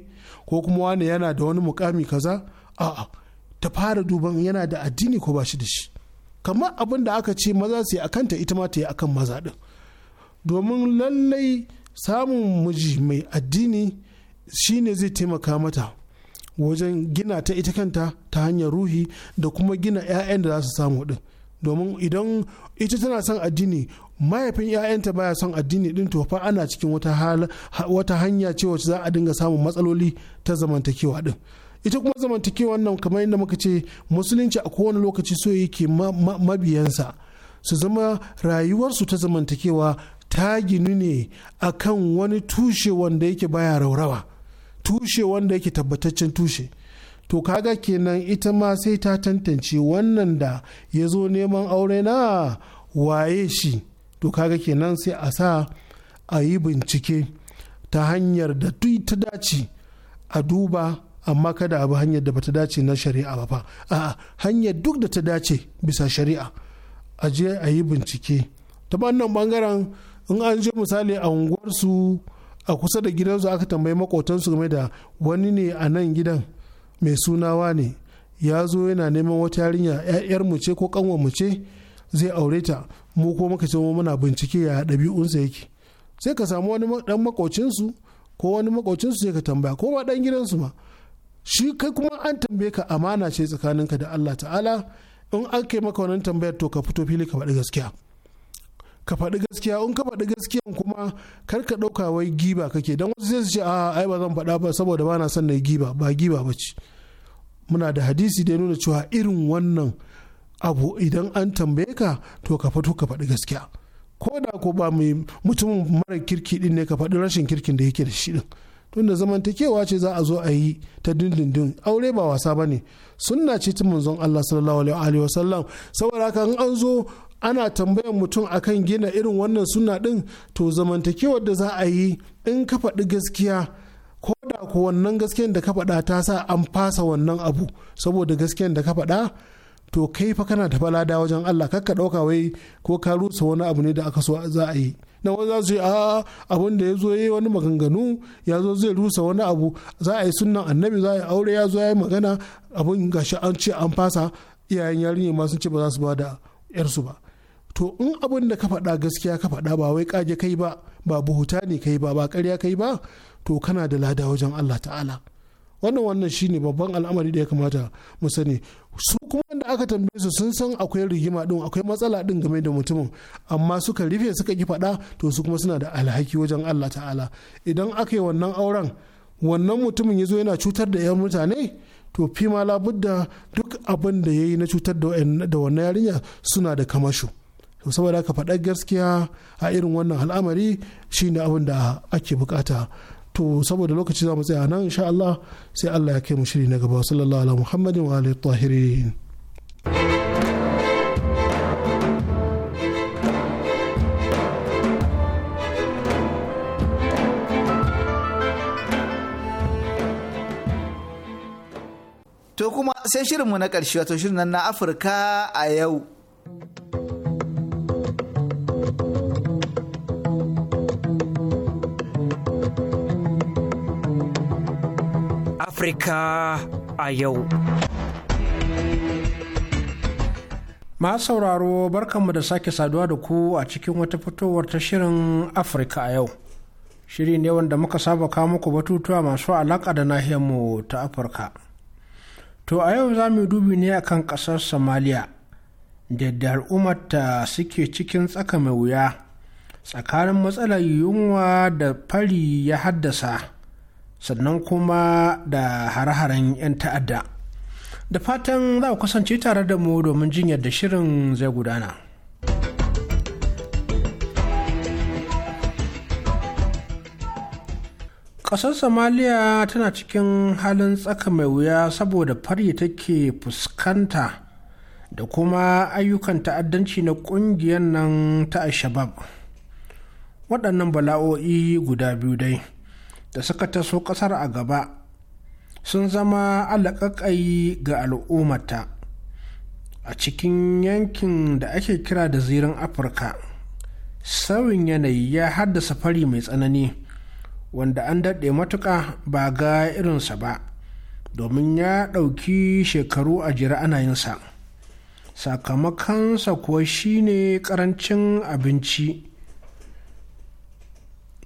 ko kuma wane yana da wani mukami kaza a'a ta fara duban yana da addini ko ba shi da shi kamar abin da aka ce maza su yi akan ta ita ma ta yi akan maza din domin lallai samun miji mai addini shine zai taimaka mata wajen gina ta ita kanta ta hanyar ruhi da kuma gina 'ya'yan da za su samu din domin idan ita tana son addini mahaifin 'ya'yanta baya son addini din to fa ana cikin wata hanya ce za a dinga samun matsaloli ta zamantakewa din ita kuma zamantakewa nan kamar yadda muka ce musulunci a kowane lokaci so yake mabiyansa su zama rayuwarsu ta zamantakewa ta ginu ne akan wani tushe wanda yake baya raurawa tushe wanda yake tabbataccen tushe to kaga kenan ita ma sai ta tantance wannan da ya zo neman aure na waye shi to kaga kenan sai a sa a yi bincike ta hanyar da ta dace a duba amma kada abu hanyar da bata dace na shari'a ba fa a hanyar duk da ta dace bisa shari'a a je a yi bincike ta bannan bangaren in an je misali a unguwarsu a kusa da gidansu aka tambayi makotansu game da wani ne a nan gidan mai sunawa ne ya zo yana neman wata yarinya yar mu ce ko kanwar mu ce zai aure ta mu ko muka ce mu muna bincike ya ɗabi'unsa yake sai ka samu wani dan makocinsu ko wani makocinsu sai ka tambaya ko ma dan gidansu ma shi kai kuma an tambaye ka amana ce tsakaninka da Allah ta'ala in an kai maka wannan tambayar to ka fito fili ka faɗi gaskiya ka faɗi gaskiya in ka faɗi gaskiya kuma kar ka ɗauka wai giba kake don wasu zai su ce a ai ba zan faɗa ba saboda ba na son na giba ba giba ba ce muna da hadisi da nuna cewa irin wannan abu idan an tambaye ka to ka fito ka faɗi gaskiya ko da ko ba mai mutumin mara kirki din ne ka faɗi rashin kirkin da yake da shi din tunda zamantakewa ce za a zo a yi ta dindindin aure ba wasa ne sunna ce ta manzon Allah sallallahu alaihi wasallam saboda haka an zo ana tambayan mutum akan gina irin wannan suna ɗin to zamantakewar da za a yi in ka faɗi gaskiya ko da ku wannan gaskiyar da ka faɗa ta sa an fasa wannan abu saboda gaskiyar da ka faɗa to kai fa kana tafala da wajen Allah kakka ɗauka wai ko ka rusa wani abu ne da aka so za a yi na wani za su yi a abin da ya zo yi wani maganganu ya zo zai rusa wani abu za a yi sunan annabi za a yi aure ya zo ya yi magana abun gashi an ce an fasa iyayen yarinya ma sun ce ba za su ba da yarsu ba to in abin da ka faɗa gaskiya ka faɗa ba wai kaje kai ba ba buhuta ne kai ba ba ƙarya kai ba to kana da lada wajen Allah ta'ala wannan wannan shine babban al'amari da ya kamata mu sani su kuma wanda aka tambaye su sun san akwai rigima din akwai matsala din game da mutumin amma suka rufe suka ki faɗa to su kuma suna da alhaki wajen Allah ta'ala idan aka yi wannan auren wannan mutumin ya zo yana cutar da yan mutane to fi ma labudda duk abin da ya yi na cutar da wannan yarinya suna da kamashu saboda haka faɗar gaskiya a irin wannan al'amari shine abin da ake bukata to saboda lokaci za mu tsaya nan insha Allah sai Allah ya kai mu shiri na gaba sallallahu alaihi muhammadin wa alihi tahirin To kuma sai shirinmu na ƙarshe wato shirin na Afirka a yau. Afirka a yau. Masu sauraro barkanmu da sake saduwa da ku a cikin wata fitowar ta shirin Afirka a yau. Shiri ne wanda muka saba kawo muku batutuwa masu alaƙa da nahiyarmu ta Afirka. To a yau za mu dubi ne akan ƙasar Somalia da yadda ta suke cikin tsaka mai wuya tsakanin matsalar yunwa da fari ya haddasa. sannan kuma da hare-haren 'yan ta'adda da fatan za ku kasance tare da mu domin jin yadda shirin zai gudana ƙasar somaliya tana cikin halin tsaka mai wuya saboda fari take fuskanta da kuma ayyukan ta'addanci na ƙungiyar nan ta al waɗannan bala'o'i guda biyu dai da suka taso ƙasar a gaba sun zama alaƙaƙai ga al'ummata a cikin yankin da ake kira da zirin afirka sauyin yanayi ya haddasa fari mai tsanani wanda an daɗe matuƙa ba ga irinsa ba domin ya ɗauki shekaru a jira ana yinsa sakamakonsa kuwa shine ƙarancin abinci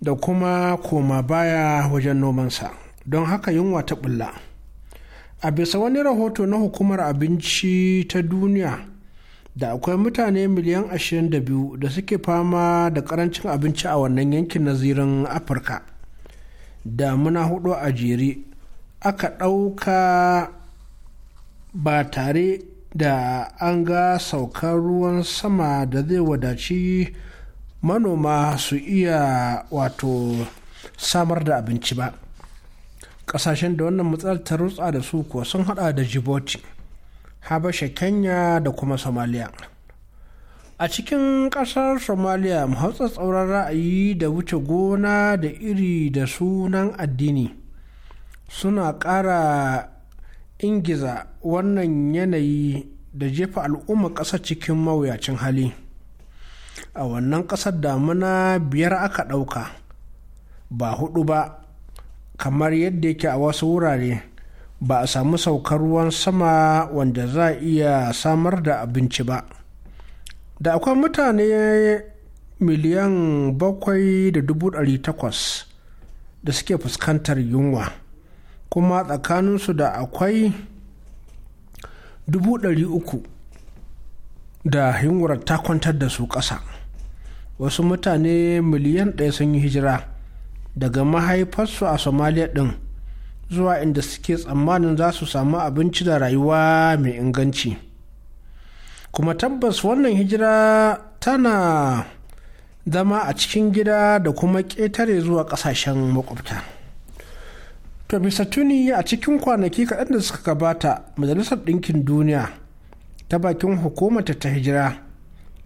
da kuma koma baya wajen nomansa don haka yunwa ta bulla a bisa wani rahoto na hukumar abinci ta duniya da akwai mutane miliyan 22 da suke fama da karancin abinci a wannan yankin na afirka da muna hudu a jere aka ɗauka ba tare da an ga saukar ruwan sama da zai wadaci manoma su iya wato samar da abinci ba ƙasashen da wannan matsalar ta rutsa da su kuwa sun hada da jiboti habasha kenya da kuma somalia a cikin ƙasar somalia hausa tsauran ra'ayi da wuce gona da iri da sunan addini suna ƙara ingiza wannan yanayi da jefa al'ummar ƙasa cikin mawuyacin hali a wannan ƙasar damuna biyar aka ɗauka ba hudu ba kamar yadda yake a wasu wurare ba a samu saukar ruwan sama wanda za a iya samar da abinci ba da akwai mutane miliyan bakwai da dubu ɗari takwas da suke fuskantar yunwa kuma tsakaninsu da akwai dubu ɗari uku da yunwar ta kwantar da su ƙasa wasu mutane miliyan ɗaya sun yi hijira daga mahaifarsu a somaliya ɗin zuwa inda suke tsammanin za su samu abinci da rayuwa mai inganci kuma tabbas wannan hijira tana zama a cikin gida da kuma ƙetare zuwa ƙasashen makwabta to bisa tuni a cikin kwanaki kaɗan da suka gabata majalisar ɗinkin duniya ta bakin hukumata ta hijira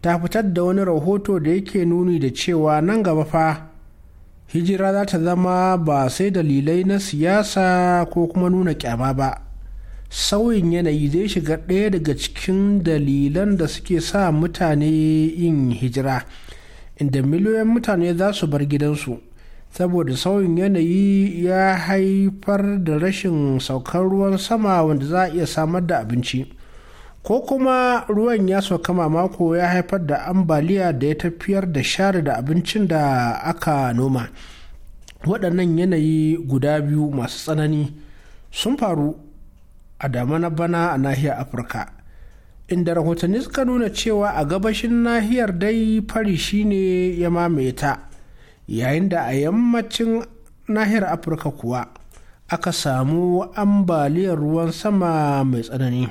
ta fitar da wani rahoto da yake nuni da cewa nan gaba fa hijira za ta zama ba sai dalilai na siyasa ko kuma nuna kyama ba sauyin yanayi zai shiga ɗaya daga cikin dalilan da suke sa mutane yin hijira inda miliyoyin mutane za su bar gidansu saboda sauyin yanayi ya haifar da rashin saukar ruwan sama wanda za a iya samar da abinci ko kuma ruwan ya sauka mamako ya haifar da ambaliya da ya tafiyar da share da abincin da aka noma waɗannan yanayi guda biyu masu tsanani sun faru a na bana a nahiyar afirka inda rahotanni suka nuna cewa a gabashin nahiyar dai fari shine ya mamaye ta yayin da a yammacin nahiyar afirka kuwa aka samu ambaliyar ruwan sama mai tsanani.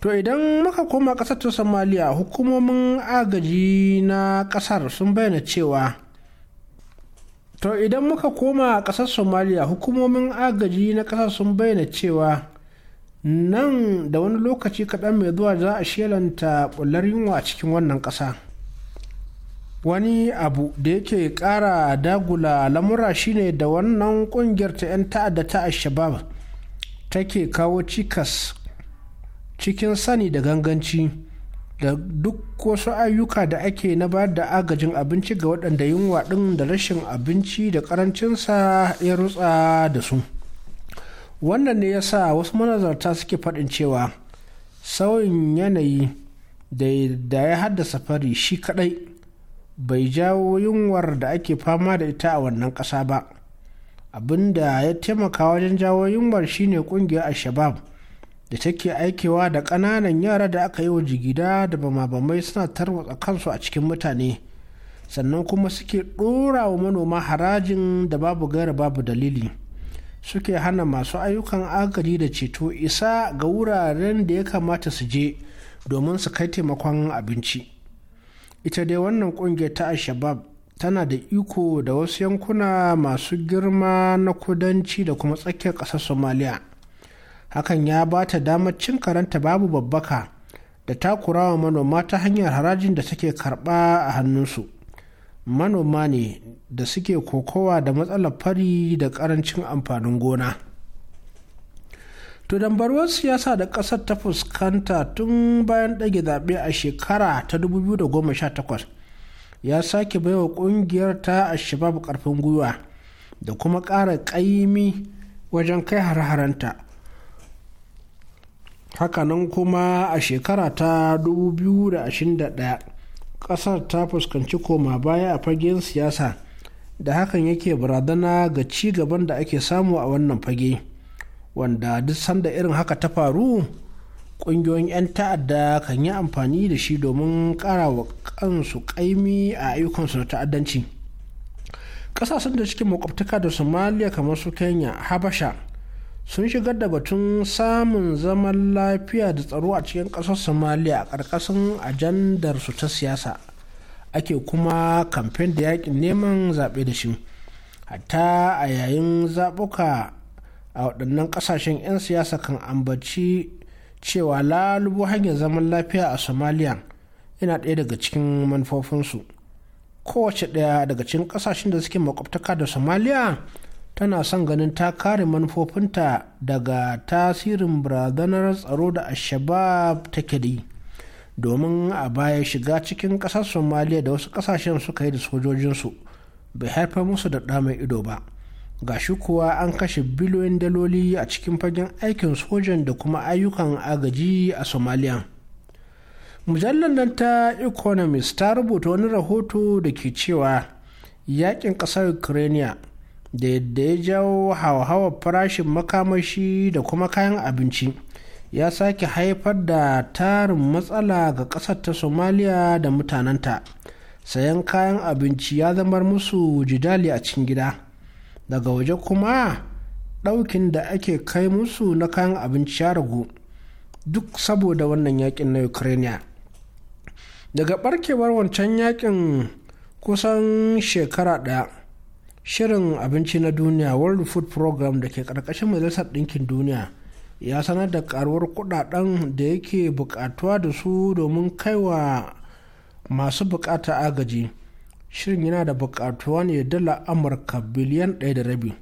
to idan muka koma ƙasar ta somaliya hukumomin agaji na ƙasar sun bayyana cewa to idan muka koma ƙasar somaliya hukumomin agaji na ƙasar sun bayyana cewa nan da wani lokaci kaɗan mai zuwa za a shelanta ɓullar yunwa a cikin wannan ƙasa. wani abu da yake ƙara dagula lamura shine da wannan ƙungiyar ta 'yan ta'adda ta al take kawo cikas cikin sani da ganganci da duk wasu ayyuka da ake na ba da agajin abinci ga waɗanda yunwa ɗin da rashin abinci da ƙarancinsa ya rutsa da su wannan ne ya sa wasu manazarta suke faɗin cewa sauyin yanayi da ya haddasa fari shi kaɗai bai jawo yunwar da ake fama da ita a wannan ƙasa ba abinda ya taimaka wajen jawo yunwar shine ƙungiyar al-shabab da take aikewa da ƙananan yara da aka yi wa jigida da bama suna tarwatsa kansu a cikin mutane sannan kuma suke ɗora wa manoma harajin da babu gaira babu dalili suke hana masu ayyukan agaji da ceto isa ga wuraren da ya kamata su je domin su kai taimakon abinci ita dai wannan ƙungiyar ta shabab tana da iko da wasu yankuna masu girma na kudanci da kuma tsakiyar ƙasar somaliya hakan ya ba ta damar cin karanta babu babbaka da takurawa manoma ta hanyar harajin da take karba a hannunsu manoma ne da suke kokowa da matsalar fari da karancin amfanin gona to barwar siyasa da ƙasar ta fuskanta tun bayan ɗage zaɓe a shekara ta 2018 ya sake baiwa ƙungiyar ta shabab ƙarfin gwiwa da kuma ƙara ƙaimi wajen kai har-haranta hakanan kuma a shekara ta 2021 kasar ta fuskanci koma baya a fagen siyasa da hakan yake barazana ga ci gaban da ake samu a wannan fage wanda duk sanda irin haka ta faru ƙungiyoyin 'yan ta'adda kan yi amfani da shi domin kara wa kansu kaimi a ayyukansu na ta'addanci ƙasashen da cikin makwabtaka da somaliya kamar su kenya habasha sun shigar da batun samun zaman lafiya da tsaro a cikin ƙasar somalia a ƙarƙashin su ta siyasa ake kuma kamfen da yakin neman zaɓe da shi hatta a yayin zaɓuka a waɗannan ƙasashen 'yan siyasa kan ambaci cewa lalubo hanyar zaman lafiya a somalia yana ɗaya daga cikin manufofinsu kowace ɗaya daga cikin ƙasashen da suke makwabtaka da somaliya tana son ganin ta kare manufofinta daga tasirin barazanar tsaro da ashabab take yi domin a baya shiga cikin ƙasar somaliya da wasu ƙasashen suka yi da sojojinsu bai haifar musu da ɗa ido ba ga shi kuwa an kashe biliyoyin daloli a cikin fagen aikin sojan da kuma ayyukan agaji a somaliya mujallar nan ta economist ta rubuta wani rahoto da ke cewa yakin ƙasar ukraine da yadda ya jawo hauhawar farashin makamashi da kuma kayan abinci ya sake haifar da tarin matsala ga ƙasar ta somaliya da mutanenta sayan kayan abinci ya zama musu jidali a cikin gida daga waje kuma ɗaukin da ake kai musu na kayan abinci ya ragu duk saboda wannan yakin na ukraine daga barkewar wancan yakin kusan shekara ɗaya shirin abinci na duniya world food program da ke karkashin majalisar ɗinkin duniya ya sanar da karuwar kudaden da yake bukatuwa da su domin kaiwa masu bukata agaji shirin yana da bukatuwa ne dala amurka biliyan ɗaya da rabi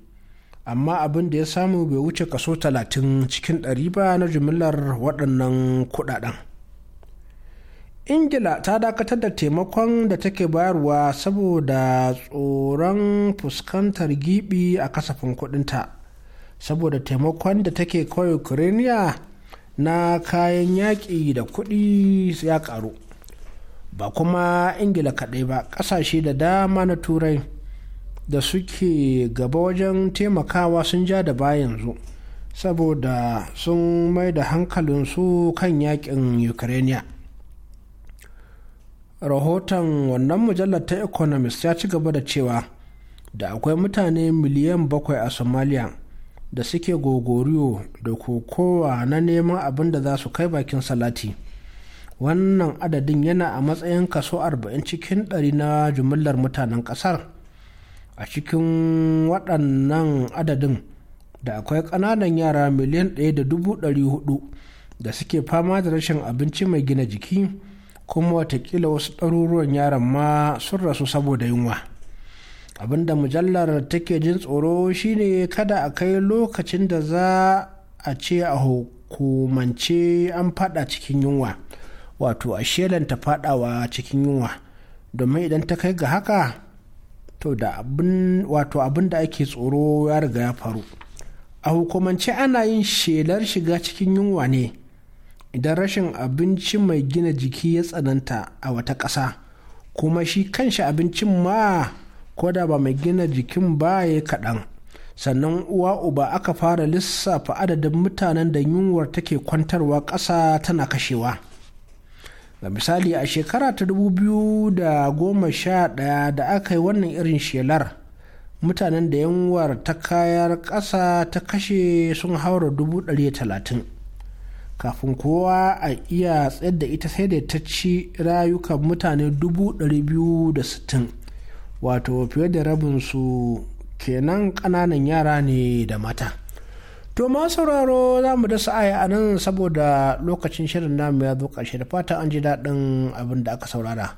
amma abin da ya samu bai wuce kaso talatin cikin ɗari ba na jimillar waɗannan kudaden ingila ta dakatar da taimakon da take bayarwa saboda tsoron fuskantar gibi a kasafin kudinta saboda taimakon da take kawai ukraine na kayan yaƙi da kuɗi ya ƙaru ba kuma ingila kaɗai ba ƙasashe da dama na turai da suke gaba wajen taimakawa sun ja da yanzu saboda sun mai da hankalinsu kan yaƙin ukraine rahoton wannan mujallar ta economist ya ci gaba da cewa da akwai mutane miliyan bakwai a somalia da suke gogoriyo da kokowa na neman abin da za su kai bakin salati wannan adadin yana a matsayin kaso 40 cikin 100 na jumillar mutanen kasar a cikin waɗannan adadin da akwai ƙananan yara miliyan 1.400 da suke fama da rashin abinci mai gina jiki kuma watakila wasu ɗaruruwan yaran ma sun rasu saboda yunwa abinda mujallar take jin tsoro shine kada a kai lokacin da za a ce a hukumance an fada cikin yunwa wato a shelanta fadawa cikin yunwa domin idan ta kai ga haka to da abin wato abin da ake tsoro ya riga ya faru a hukumance ana yin shelar shiga cikin yunwa ne idan rashin abinci mai gina jiki ya tsananta a wata ƙasa kuma shi kanshi abincin ma koda ba mai gina jikin ba ya yi kaɗan sannan uwa uba aka fara lissafa adadin mutanen da yunwar take kwantarwa ƙasa tana kashewa ga misali a shekara ta 2011 da aka yi wannan irin shelar mutanen da yunwar ta kayar ƙasa ta kashe sun haura 130 kafin kowa a iya tsayar da ita sai da ta ci rayukan mutane 260 wato fiye da rabin su kenan ƙananan yara ne da mata to ma sauraro za mu dasa aya a nan saboda lokacin shirin namu ya zo karshe da fata an ji daɗin abin da aka saurara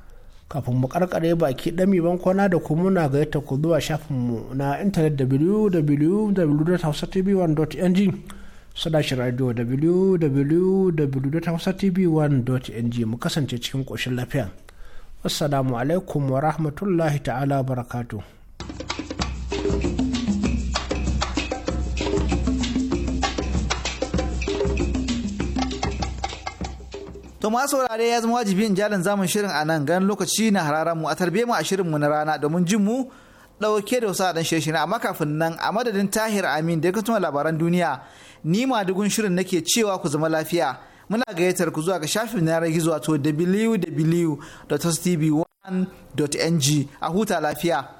kafin mu karkare baki ɗami bankona da kuma muna gayyata ku zuwa shafinmu na intanet www.hausatv1.ng sadashin radio www.hausatv1.ng mu kasance cikin ƙoshin lafiya. Assalamu alaikum wa rahmatullahi ta'ala barakatu. To ma saurare ya zama wajibi in jalin zamun shirin a nan ganin lokaci na hararan mu a tarbe mu a shirin mu na rana domin jin mu ɗauke da wasu haɗin shirin amma kafin nan a madadin tahir amin da ya labaran duniya ni madugun shirin nake cewa ku zama lafiya muna gayyatar ku zuwa ga shafin na yanar gizo wato www.tv1.ng a huta lafiya.